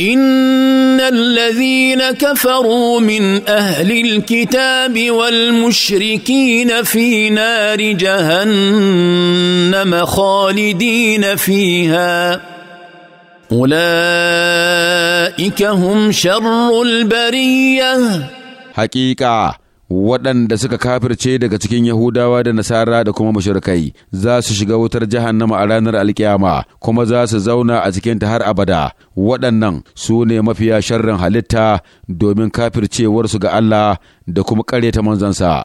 ان الذين كفروا من اهل الكتاب والمشركين في نار جهنم خالدين فيها اولئك هم شر البريه حقيقه waɗanda suka kafirce daga cikin Yahudawa da Nasara da kuma mashirkai za su shiga wutar jahannama a ranar alkiyama kuma za su zauna a cikin ta har abada waɗannan su ne mafiya sharrin halitta domin kafircewarsu ga Allah da kuma ta manzansa